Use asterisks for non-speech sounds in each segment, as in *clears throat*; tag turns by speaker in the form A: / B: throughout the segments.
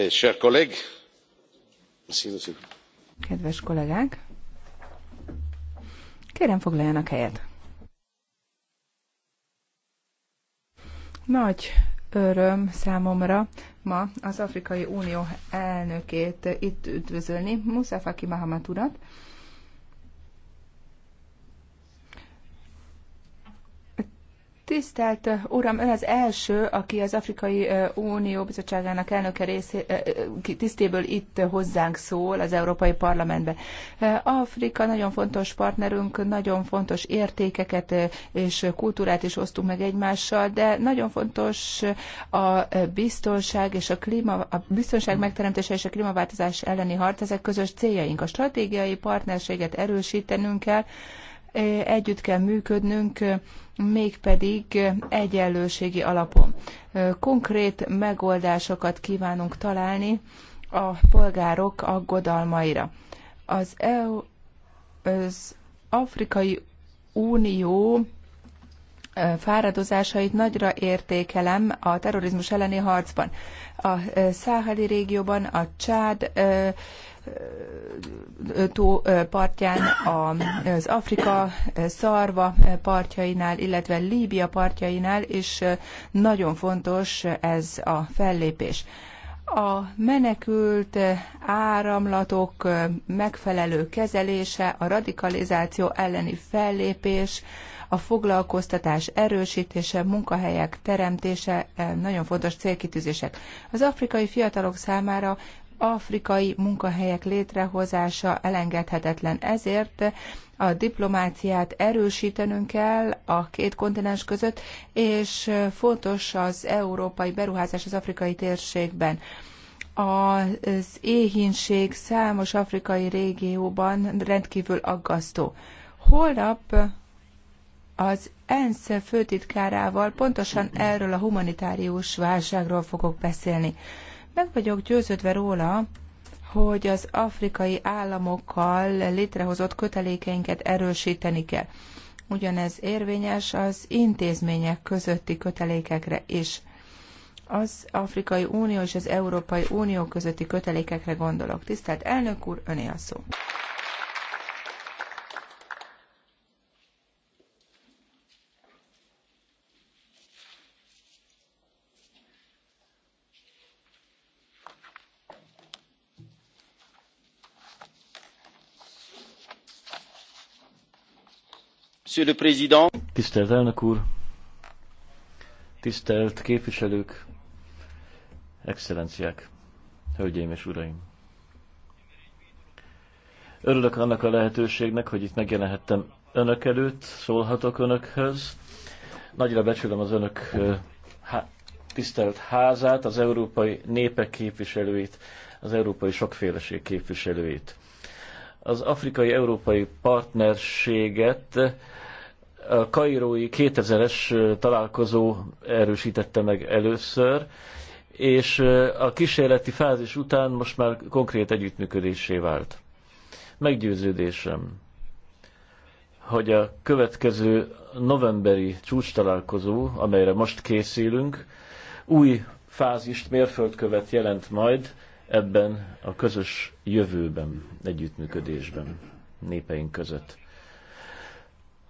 A: Eh,
B: Kedves kollégák! Kérem foglaljanak helyet. Nagy öröm számomra ma az Afrikai Unió elnökét itt üdvözölni, Musa Faki Mahamat urat, Tisztelt Uram, ön az első, aki az Afrikai Unió Bizottságának elnöke rész, tisztéből itt hozzánk szól az Európai Parlamentben. Afrika nagyon fontos partnerünk, nagyon fontos értékeket és kultúrát is osztunk meg egymással, de nagyon fontos a biztonság és a, klíma, a biztonság megteremtése és a klímaváltozás elleni harc, ezek közös céljaink. A stratégiai partnerséget erősítenünk kell, együtt kell működnünk, mégpedig egyenlőségi alapon. Konkrét megoldásokat kívánunk találni a polgárok aggodalmaira. Az EU, az Afrikai Unió fáradozásait nagyra értékelem a terrorizmus elleni harcban. A Száhali régióban, a Csád tó partján, az Afrika szarva partjainál, illetve Líbia partjainál, és nagyon fontos ez a fellépés. A menekült áramlatok megfelelő kezelése, a radikalizáció elleni fellépés, a foglalkoztatás erősítése, munkahelyek teremtése nagyon fontos célkitűzések. Az afrikai fiatalok számára afrikai munkahelyek létrehozása elengedhetetlen. Ezért a diplomáciát erősítenünk kell a két kontinens között, és fontos az európai beruházás az afrikai térségben. Az éhínség számos afrikai régióban rendkívül aggasztó. Holnap az ENSZ főtitkárával pontosan erről a humanitárius válságról fogok beszélni. Meg vagyok győződve róla, hogy az afrikai államokkal létrehozott kötelékeinket erősíteni kell. Ugyanez érvényes az intézmények közötti kötelékekre is. Az Afrikai Unió és az Európai Unió közötti kötelékekre gondolok. Tisztelt elnök úr, öné a szó.
A: Monsieur le Président. Tisztelt elnök úr, tisztelt képviselők, excellenciák, hölgyeim és uraim. Örülök annak a lehetőségnek, hogy itt megjelenhettem önök előtt, szólhatok önökhöz. Nagyra becsülöm az önök tisztelt házát, az európai népek képviselőit, az európai sokféleség képviselőit. Az afrikai-európai partnerséget a kairói 2000-es találkozó erősítette meg először, és a kísérleti fázis után most már konkrét együttműködésé vált. Meggyőződésem, hogy a következő novemberi csúcs találkozó, amelyre most készülünk, új fázist, mérföldkövet jelent majd ebben a közös jövőben, együttműködésben népeink között.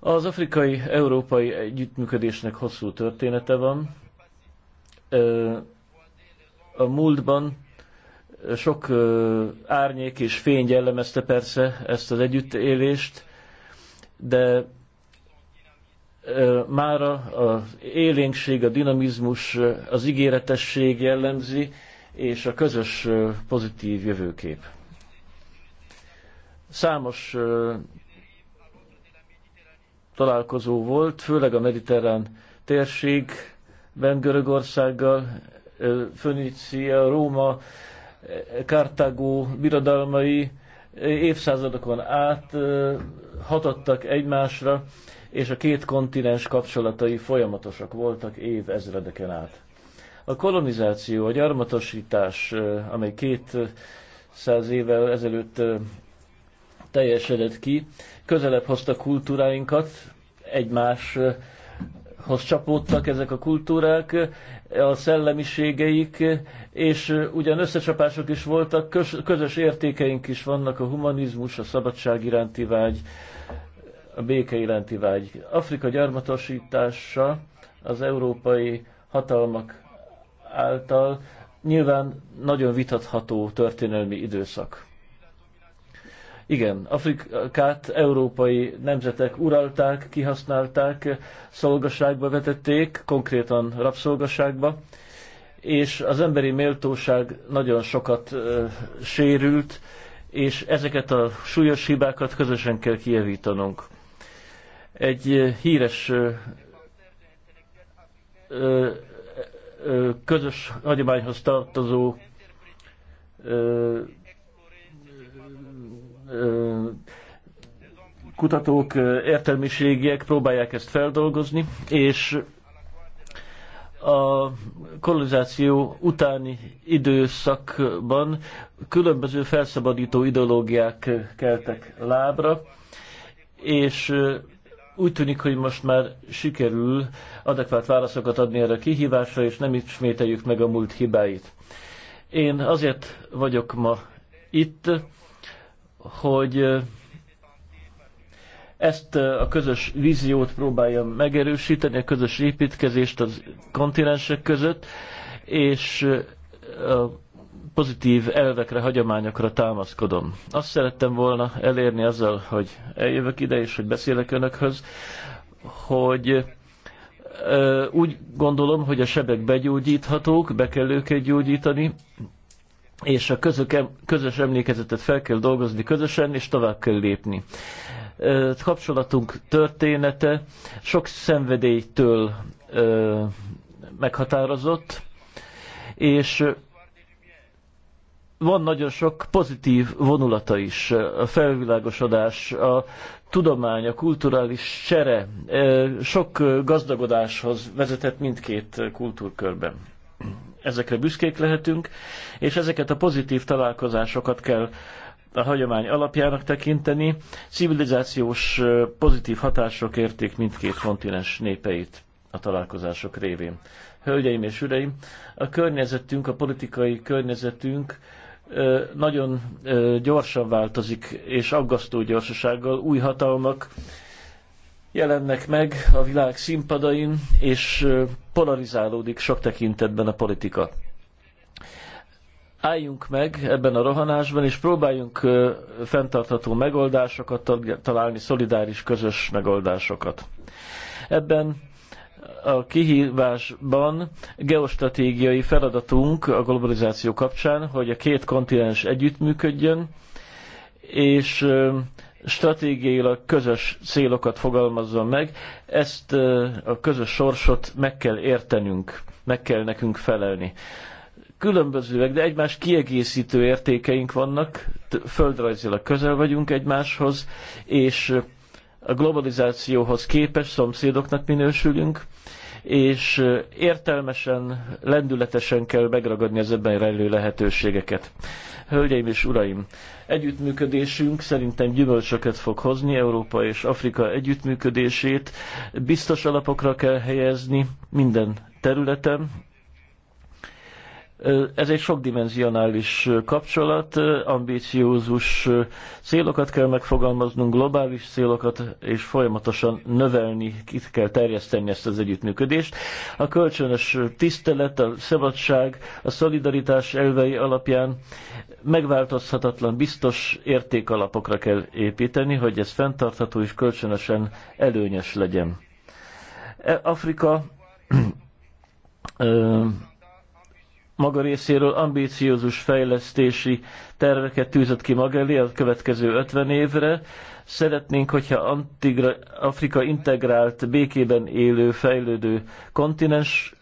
A: Az afrikai-európai együttműködésnek hosszú története van. A múltban sok árnyék és fény jellemezte persze ezt az együttélést, de mára az élénkség, a dinamizmus, az ígéretesség jellemzi, és a közös pozitív jövőkép. Számos találkozó volt, főleg a mediterrán térségben Görögországgal, Fönícia, Róma, e, Kartágó birodalmai e, évszázadokon át hatottak egymásra, és a két kontinens kapcsolatai folyamatosak voltak évezredeken át. A kolonizáció, a gyarmatosítás, amely két száz évvel ezelőtt teljesedett ki, közelebb hozta kultúráinkat, egymáshoz csapódtak ezek a kultúrák, a szellemiségeik, és ugyan összecsapások is voltak, közös értékeink is vannak, a humanizmus, a szabadság iránti vágy, a béke iránti vágy. Afrika gyarmatosítása az európai hatalmak által nyilván nagyon vitatható történelmi időszak. Igen, Afrikát európai nemzetek uralták, kihasználták, szolgaságba vetették, konkrétan rabszolgaságba, és az emberi méltóság nagyon sokat ö, sérült, és ezeket a súlyos hibákat közösen kell kijavítanunk. Egy híres ö, ö, közös hagyományhoz tartozó kutatók, értelmiségiek próbálják ezt feldolgozni, és a kolonizáció utáni időszakban különböző felszabadító ideológiák keltek lábra, és úgy tűnik, hogy most már sikerül adekvát válaszokat adni erre a kihívásra, és nem ismételjük meg a múlt hibáit. Én azért vagyok ma itt, hogy ezt a közös víziót próbálja megerősíteni, a közös építkezést az kontinensek között, és a pozitív elvekre, hagyományokra támaszkodom. Azt szerettem volna elérni azzal, hogy eljövök ide, és hogy beszélek önökhöz, hogy úgy gondolom, hogy a sebek begyógyíthatók, be kell őket gyógyítani, és a közös emlékezetet fel kell dolgozni közösen, és tovább kell lépni. Kapcsolatunk története sok szenvedélytől meghatározott, és van nagyon sok pozitív vonulata is, a felvilágosodás, a tudomány, a kulturális csere, sok gazdagodáshoz vezetett mindkét kultúrkörben ezekre büszkék lehetünk, és ezeket a pozitív találkozásokat kell a hagyomány alapjának tekinteni, civilizációs pozitív hatások érték mindkét kontinens népeit a találkozások révén. Hölgyeim és uraim, a környezetünk, a politikai környezetünk nagyon gyorsan változik, és aggasztó gyorsasággal új hatalmak jelennek meg a világ színpadain, és polarizálódik sok tekintetben a politika. Álljunk meg ebben a rohanásban, és próbáljunk fenntartható megoldásokat találni, szolidáris, közös megoldásokat. Ebben a kihívásban geostratégiai feladatunk a globalizáció kapcsán, hogy a két kontinens együttműködjön, és stratégiailag közös célokat fogalmazzon meg, ezt a közös sorsot meg kell értenünk, meg kell nekünk felelni. Különbözőek, de egymás kiegészítő értékeink vannak, földrajzilag közel vagyunk egymáshoz, és a globalizációhoz képes szomszédoknak minősülünk, és értelmesen, lendületesen kell megragadni az ebben rejlő lehetőségeket. Hölgyeim és uraim, együttműködésünk szerintem gyümölcsöket fog hozni, Európa és Afrika együttműködését biztos alapokra kell helyezni minden területen, ez egy sokdimenzionális kapcsolat, ambíciózus célokat kell megfogalmaznunk, globális célokat, és folyamatosan növelni, ki kell terjeszteni ezt az együttműködést. A kölcsönös tisztelet, a szabadság, a szolidaritás elvei alapján megváltozhatatlan, biztos értékalapokra kell építeni, hogy ez fenntartható és kölcsönösen előnyös legyen. E, Afrika maga részéről ambíciózus fejlesztési terveket tűzött ki maga elé a következő 50 évre. Szeretnénk, hogyha Antigra, Afrika integrált, békében élő, fejlődő kontinens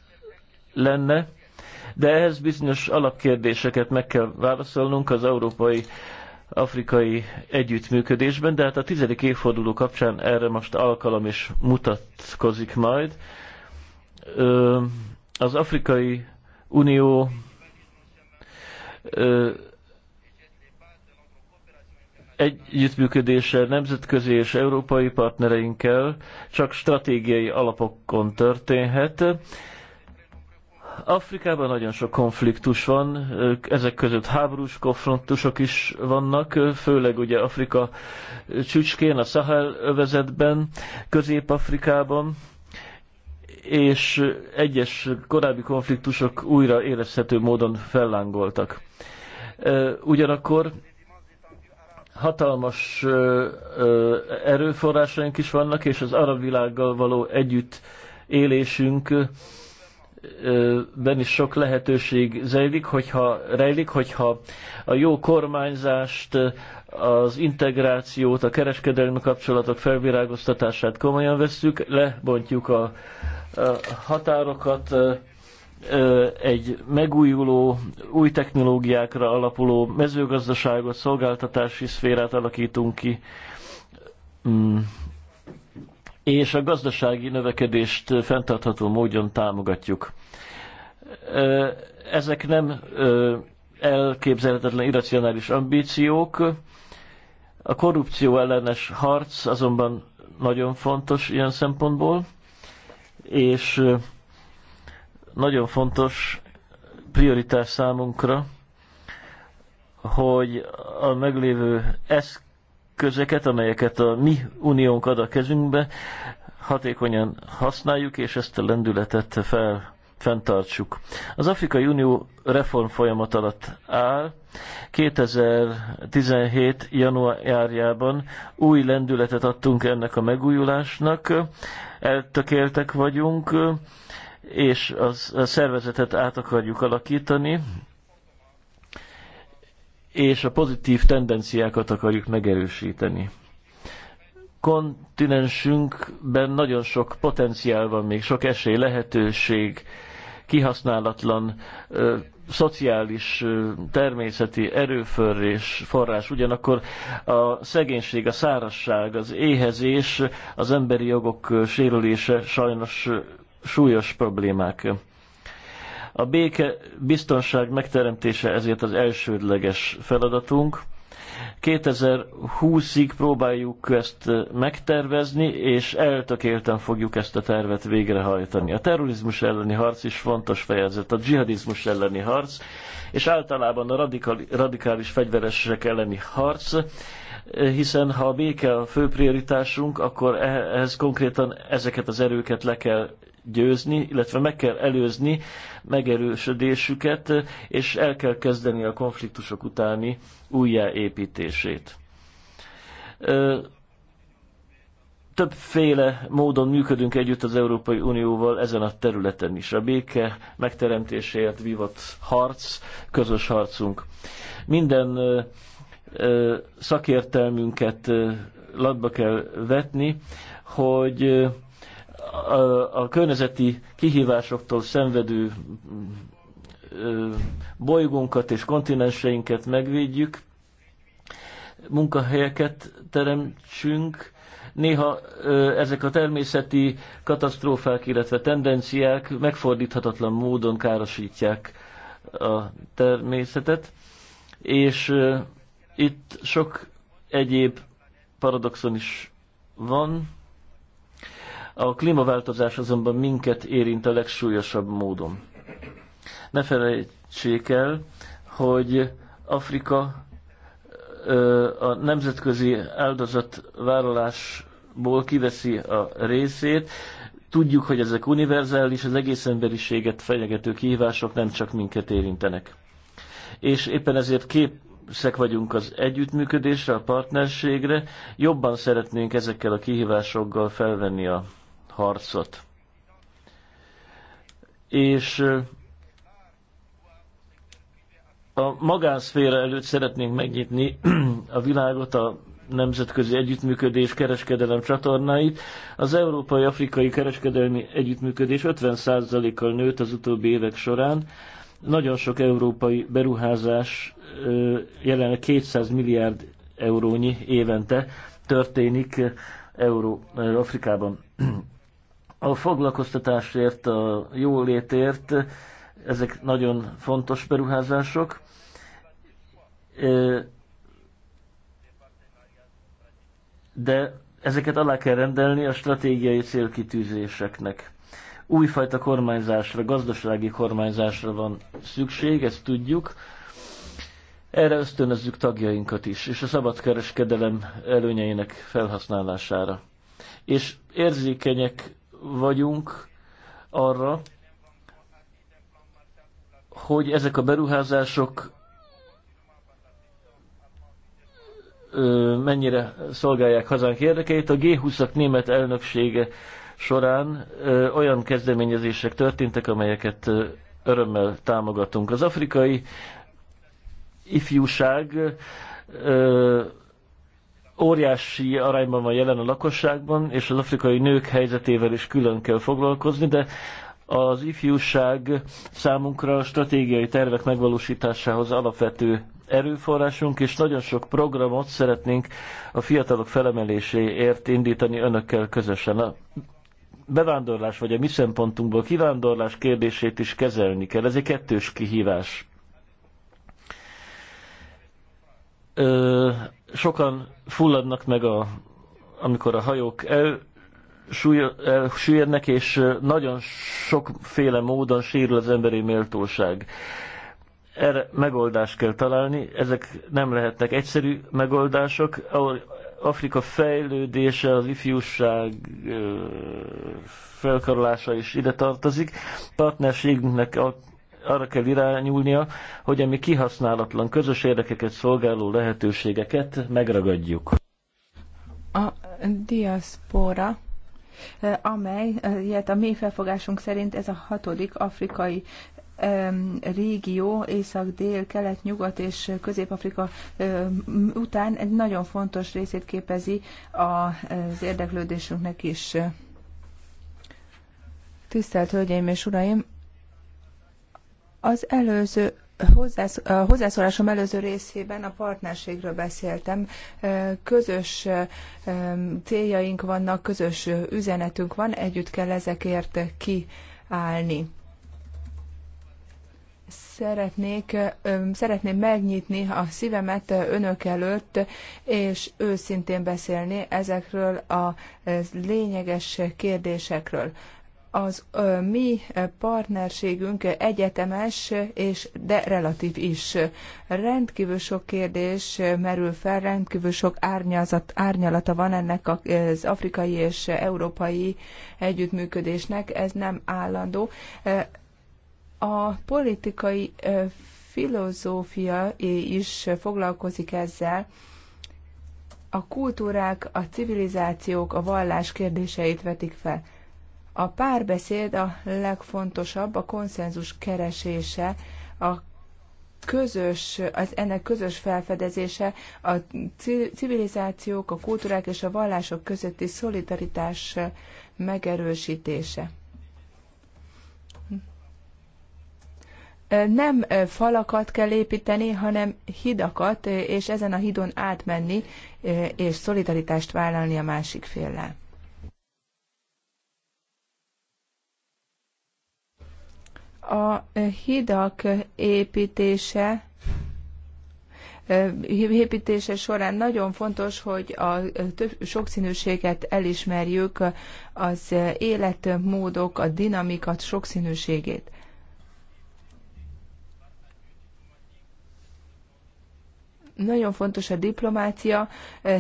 A: lenne, de ehhez bizonyos alapkérdéseket meg kell válaszolnunk az európai afrikai együttműködésben, de hát a tizedik évforduló kapcsán erre most alkalom is mutatkozik majd. Az afrikai Unió együttműködéssel, nemzetközi és európai partnereinkkel csak stratégiai alapokon történhet. Afrikában nagyon sok konfliktus van, ezek között háborús konfliktusok is vannak, főleg ugye Afrika csücskén, a Sahel övezetben, Közép-Afrikában és egyes korábbi konfliktusok újra érezhető módon fellángoltak. Ugyanakkor hatalmas erőforrásaink is vannak, és az arab világgal való együtt élésünk ben is sok lehetőség zajlik, hogyha, rejlik, hogyha a jó kormányzást, az integrációt, a kereskedelmi kapcsolatok felvirágoztatását komolyan vesszük, lebontjuk a határokat egy megújuló, új technológiákra alapuló mezőgazdaságot, szolgáltatási szférát alakítunk ki, mm. és a gazdasági növekedést fenntartható módon támogatjuk. Ezek nem elképzelhetetlen irracionális ambíciók. A korrupció ellenes harc azonban nagyon fontos ilyen szempontból és nagyon fontos prioritás számunkra, hogy a meglévő eszközeket, amelyeket a mi uniónk ad a kezünkbe, hatékonyan használjuk, és ezt a lendületet fel fenntartsuk. Az Afrikai Unió reform folyamat alatt áll. 2017. januárjában új lendületet adtunk ennek a megújulásnak, eltökéltek vagyunk, és az, a szervezetet át akarjuk alakítani, és a pozitív tendenciákat akarjuk megerősíteni kontinensünkben nagyon sok potenciál van még, sok esély, lehetőség kihasználatlan ö, szociális, ö, természeti erőförrés forrás. Ugyanakkor a szegénység, a szárasság, az éhezés, az emberi jogok sérülése sajnos súlyos problémák. A béke, biztonság megteremtése ezért az elsődleges feladatunk 2020-ig próbáljuk ezt eh, megtervezni, és eltökélten fogjuk ezt a tervet végrehajtani. A terrorizmus elleni harc is fontos fejezet, a dzsihadizmus elleni harc, és általában a radikális fegyveresek elleni harc, eh, hiszen ha a béke a fő prioritásunk, akkor e-, ehhez konkrétan ezeket az erőket le kell győzni, illetve meg kell előzni megerősödésüket, és el kell kezdeni a konfliktusok utáni újjáépítését. Többféle módon működünk együtt az Európai Unióval ezen a területen is. A béke megteremtéséért vívott harc, közös harcunk. Minden szakértelmünket latba kell vetni, hogy a, a környezeti kihívásoktól szenvedő ö, bolygónkat és kontinenseinket megvédjük, munkahelyeket teremtsünk. Néha ö, ezek a természeti katasztrófák, illetve tendenciák megfordíthatatlan módon károsítják a természetet, és ö, itt sok egyéb paradoxon is van, a klímaváltozás azonban minket érint a legsúlyosabb módon. Ne felejtsék el, hogy Afrika a nemzetközi áldozatvállalásból kiveszi a részét. Tudjuk, hogy ezek univerzális, az egész emberiséget fenyegető kihívások nem csak minket érintenek. És éppen ezért képszek vagyunk az együttműködésre, a partnerségre, jobban szeretnénk ezekkel a kihívásokkal felvenni a harcot. És a magánszféra előtt szeretnénk megnyitni *clears throat* a világot, a nemzetközi együttműködés, kereskedelem csatornáit. Az európai-afrikai kereskedelmi együttműködés 50%-kal nőtt az utóbbi évek során. Nagyon sok európai beruházás jelenleg 200 milliárd eurónyi évente történik Euró, Afrikában. *clears throat* A foglalkoztatásért, a jólétért, ezek nagyon fontos beruházások. De ezeket alá kell rendelni a stratégiai célkitűzéseknek. Újfajta kormányzásra, gazdasági kormányzásra van szükség, ezt tudjuk. Erre ösztönözzük tagjainkat is, és a szabadkereskedelem előnyeinek felhasználására. És érzékenyek vagyunk arra, hogy ezek a beruházások mennyire szolgálják hazánk érdekeit. A G20-ak német elnöksége során olyan kezdeményezések történtek, amelyeket örömmel támogatunk. Az afrikai ifjúság óriási arányban van jelen a lakosságban, és az afrikai nők helyzetével is külön kell foglalkozni, de az ifjúság számunkra a stratégiai tervek megvalósításához alapvető erőforrásunk, és nagyon sok programot szeretnénk a fiatalok felemeléséért indítani önökkel közösen. A bevándorlás, vagy a mi szempontunkból kivándorlás kérdését is kezelni kell. Ez egy kettős kihívás. Ö, Sokan fulladnak meg, a, amikor a hajók el, elsüllyednek, és nagyon sokféle módon sérül az emberi méltóság. Erre megoldást kell találni, ezek nem lehetnek egyszerű megoldások, ahol Afrika fejlődése, az ifjúság felkarolása is ide tartozik. Partnerségünknek arra kell irányulnia, hogy ami kihasználatlan közös érdekeket szolgáló lehetőségeket megragadjuk.
B: A diaszpora, ilyet a mi felfogásunk szerint ez a hatodik afrikai régió, észak-dél, kelet, nyugat és közép-afrika után egy nagyon fontos részét képezi az érdeklődésünknek is. Tisztelt Hölgyeim és Uraim! Az előző a hozzászólásom előző részében a partnerségről beszéltem. Közös céljaink vannak, közös üzenetünk van, együtt kell ezekért kiállni szeretnék, szeretném megnyitni a szívemet önök előtt, és őszintén beszélni ezekről a lényeges kérdésekről az ö, mi partnerségünk egyetemes, és de relatív is. Rendkívül sok kérdés merül fel, rendkívül sok árnyazat, árnyalata van ennek az afrikai és európai együttműködésnek, ez nem állandó. A politikai filozófia is foglalkozik ezzel, a kultúrák, a civilizációk, a vallás kérdéseit vetik fel a párbeszéd a legfontosabb, a konszenzus keresése, a közös, az ennek közös felfedezése a civilizációk, a kultúrák és a vallások közötti szolidaritás megerősítése. Nem falakat kell építeni, hanem hidakat, és ezen a hidon átmenni, és szolidaritást vállalni a másik féllel. a hidak építése építése során nagyon fontos, hogy a több, sokszínűséget elismerjük, az életmódok, a dinamikat, sokszínűségét. Nagyon fontos a diplomácia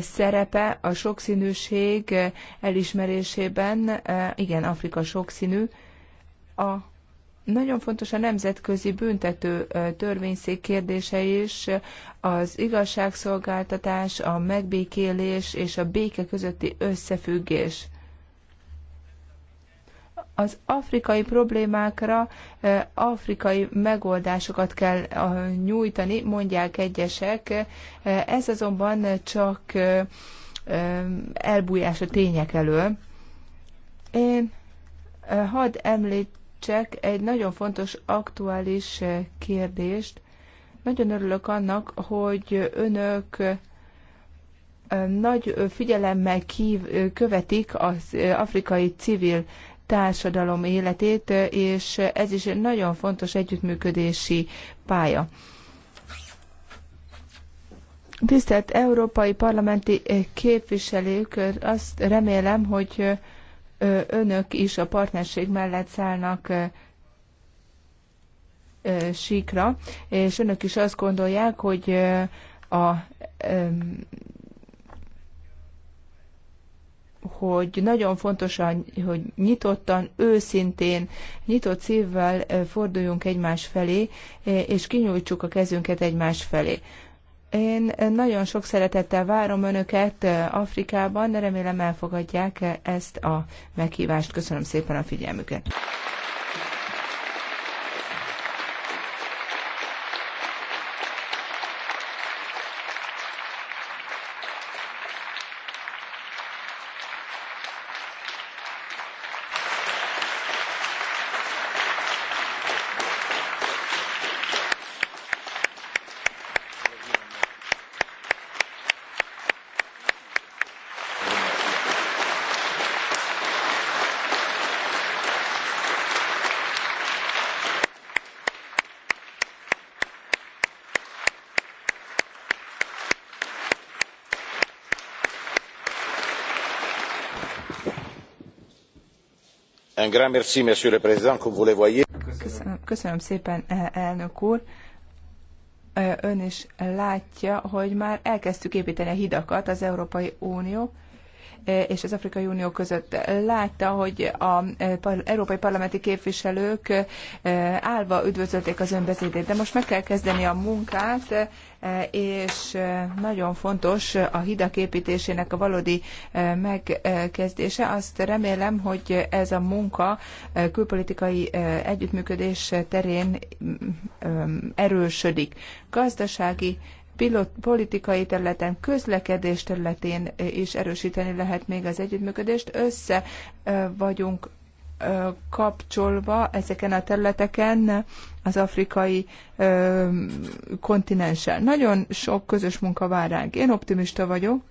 B: szerepe a sokszínűség elismerésében. Igen, Afrika sokszínű. A nagyon fontos a nemzetközi büntető törvényszék kérdése is, az igazságszolgáltatás, a megbékélés és a béke közötti összefüggés. Az afrikai problémákra afrikai megoldásokat kell nyújtani, mondják egyesek. Ez azonban csak elbújás a tények elől. Én hadd említ, csak egy nagyon fontos, aktuális eh, kérdést. Nagyon örülök annak, hogy önök eh, nagy figyelemmel kív, eh, követik az afrikai civil társadalom életét, és ez is egy nagyon fontos együttműködési pálya. Tisztelt Európai Parlamenti képviselők, azt remélem, hogy önök is a partnerség mellett szállnak síkra, és önök is azt gondolják, hogy a hogy nagyon fontos, hogy nyitottan, őszintén, nyitott szívvel forduljunk egymás felé, és kinyújtsuk a kezünket egymás felé. Én nagyon sok szeretettel várom Önöket eh, Afrikában, de remélem elfogadják eh, ezt a meghívást. Köszönöm szépen a figyelmüket. Köszönöm, köszönöm szépen, eh, elnök úr eh, ön is látja, hogy már elkezdtük építeni a hidakat az Európai Unió eh, és az Afrikai Unió között. Látta, hogy az európai parlamenti képviselők állva üdvözölték az önbeszédét, de most meg kell kezdeni a munkát, eh, és eh, nagyon fontos a hidak építésének a valódi eh, megkezdése. Azt remélem, hogy ez a munka külpolitikai együttműködés terén mm, mm, erősödik. Gazdasági pilot, politikai területen, közlekedés területén is erősíteni lehet még az együttműködést. Össze vagyunk kapcsolva ezeken a területeken az afrikai ö, kontinenssel. Nagyon sok közös munka vár ránk. Én optimista vagyok,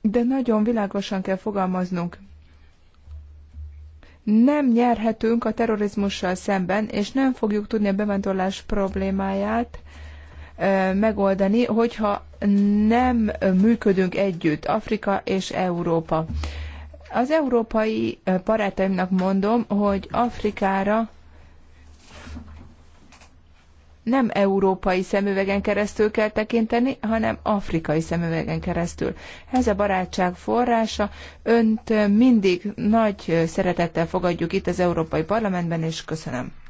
B: de nagyon világosan kell fogalmaznunk. Nem nyerhetünk a terrorizmussal szemben, és nem fogjuk tudni a bevándorlás problémáját ö, megoldani, hogyha nem működünk együtt, Afrika és Európa. Ö, az európai barátaimnak mondom, hogy Afrikára nem európai szemüvegen keresztül kell tekinteni, hanem afrikai szemüvegen keresztül. Ez a barátság forrása. Önt mindig nagy szeretettel fogadjuk itt az Európai Parlamentben, és köszönöm.